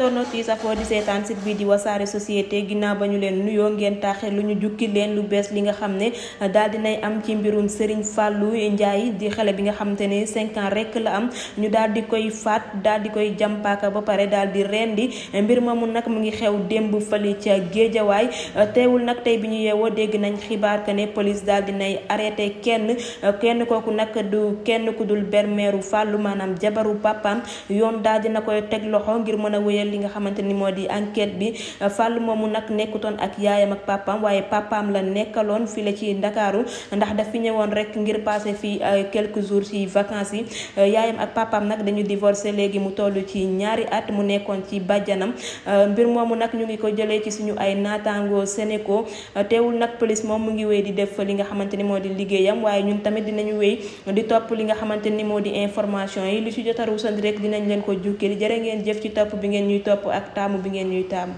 internet yi safoo di seetaan site bi di wasaare société ginnaaw ba ñu leen nuyoo ngeen taaxe lu ñu jukki leen lu bees li nga xam ne daal dinay am ci mbirum Serigne Fallou Ndiaye di xale bi nga xamante ne cinq rek la am ñu daal di koy faat daal di koy jàmpaaka ba pare daal di rendi mbir moomu nag mu ngi xew démb fali ca géejawaay teewul nag tey bi ñu yeewoo dégg nañ xibaar que ne police daal dinay arrêté kenn kenn kooku nag du kenn ku dul bermeeru Fallou maanaam jabaru papaam yoon daal dina koy teg loxo ngir mën a ñeel li nga xamante ni moo di enquête bi fàll moomu nag nekkutoon ak yaayam ak papaam waaye papaam la nekkaloon fii la ci ndakaaru ndax daf fi ñëwoon rek ngir passé fii euh, quelques jours ci vacances yi euh, yaayam ak papaam nag dañu divorcé léegi mu toll ci ñaari at mu nekkoon ci bàjjanam euh, mbir moomu nag ñu ngi ko jëlee ci suñu ay naataango Sénéco teewul nag police moom mu ngi wéy di def li nga xamante ni moo di liggéeyam waaye ñun tamit dinañu wéy di topp li nga xamante ni moo di information yi lu ci jotaru sand rek dinañ leen ko ñuy topp ak taamu bi ngeen ñuy taamu